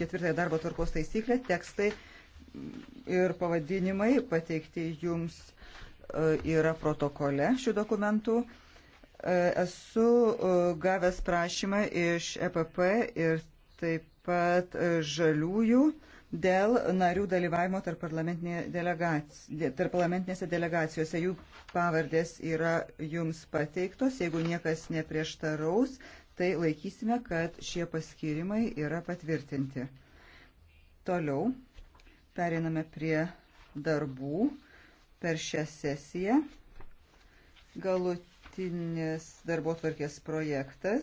ketvirtąją darbo tvarkos taisyklę, tekstai ir pavadinimai pateikti jums e, yra protokole šių dokumentų. E, esu e, gavęs prašymą iš EPP ir taip pat žaliųjų dėl narių dalyvavimo tarp, parlamentinė delegacija, tarp parlamentinėse delegacijose. Jų pavardės yra jums pateiktos. Jeigu niekas neprieštaraus, tai laikysime, kad šie paskirimai yra patvirtinti. Toliau pereiname prie darbų per šią sesiją. Galutinis darbo tvarkės projektas.